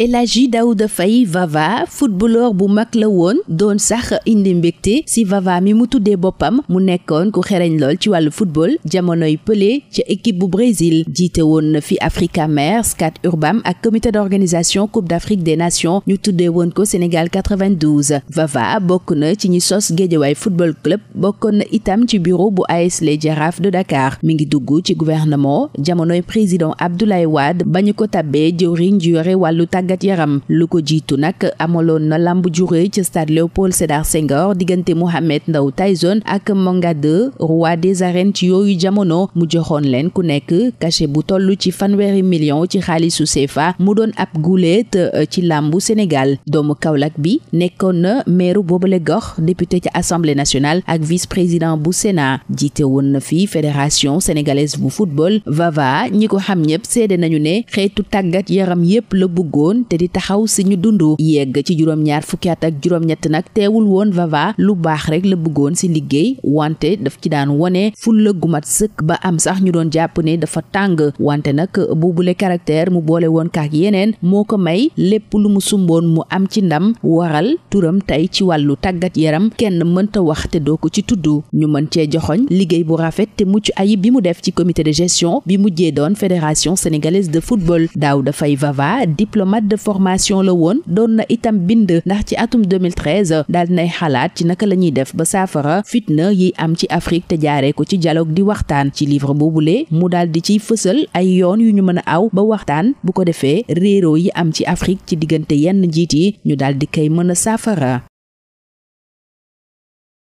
Elhadji Daouda Faye Vava footballeur bu mak la won, don si Vava mi mu Munekon, bopam mu nekkoon ku football jamonoy Pelé ci équipe bu Brésil jiite won fi Afrika mère Scat Urbam ak comité d'organisation Coupe d'Afrique des Nations ñu tuddé won ko Sénégal 92 Vava bokk na ci ñi sos football club Bokon na itam ci bureau bu AS Les de Dakar mi ngi dugg ci gouvernement jamonoy président Abdoulaye Wade bañ ko dioré, jëwriñ tàggat yaram lu ko jitu nak amalon na lamb stade Léopold Sédar Senghor Digente Mohamed Ndaw Tyson ak Manga 2 roi des arènes ci jamono mu joxone len ku nek caché bu ci million ci Sousefa, Mudon mu don ab euh, ci Sénégal doomu kaolak bi député de assemblée nationale ak vice président bu Sénat jité won na fédération sénégalaise bu football vava ñiko xam ñep seede nañu né woon te di taxaw si ñu dund yegg ci juróom-ñaar fukki ak juróom-ñett nag teewul woon vava lu baax rek la bëggoon si liggéey wante daf ci daan wone fulla gu mat sëkk ba am sax ñu doon jàpp ne dafa tàng wante nag bu bule caractère mu boole woon kaak yeneen moo ko may lépp lu mu sumboon mu am ci ndam waral turam tey ci wàllu tàggat yaram kenn mënta wax te doo ko ci tudd ñu mën cee joxoñ liggéey bu rafet te mucc ayib bi mu def ci commité de gestion bi mujjee doon fédération camarade de la woon doon na itam bind ndax ci atum 2013 daal dinay xalaat ci naka la ñuy def ba saafara fitna yi am ci Afrique te jaaree ko ci jaloog di waxtaan ci livre boobule mu daal di ciy fësal ay yoon yu ñu mën a aw ba waxtaan bu ko defee réeroo yi am ci Afrique ci diggante yenn njiit yi ñu daal di koy mën a saafara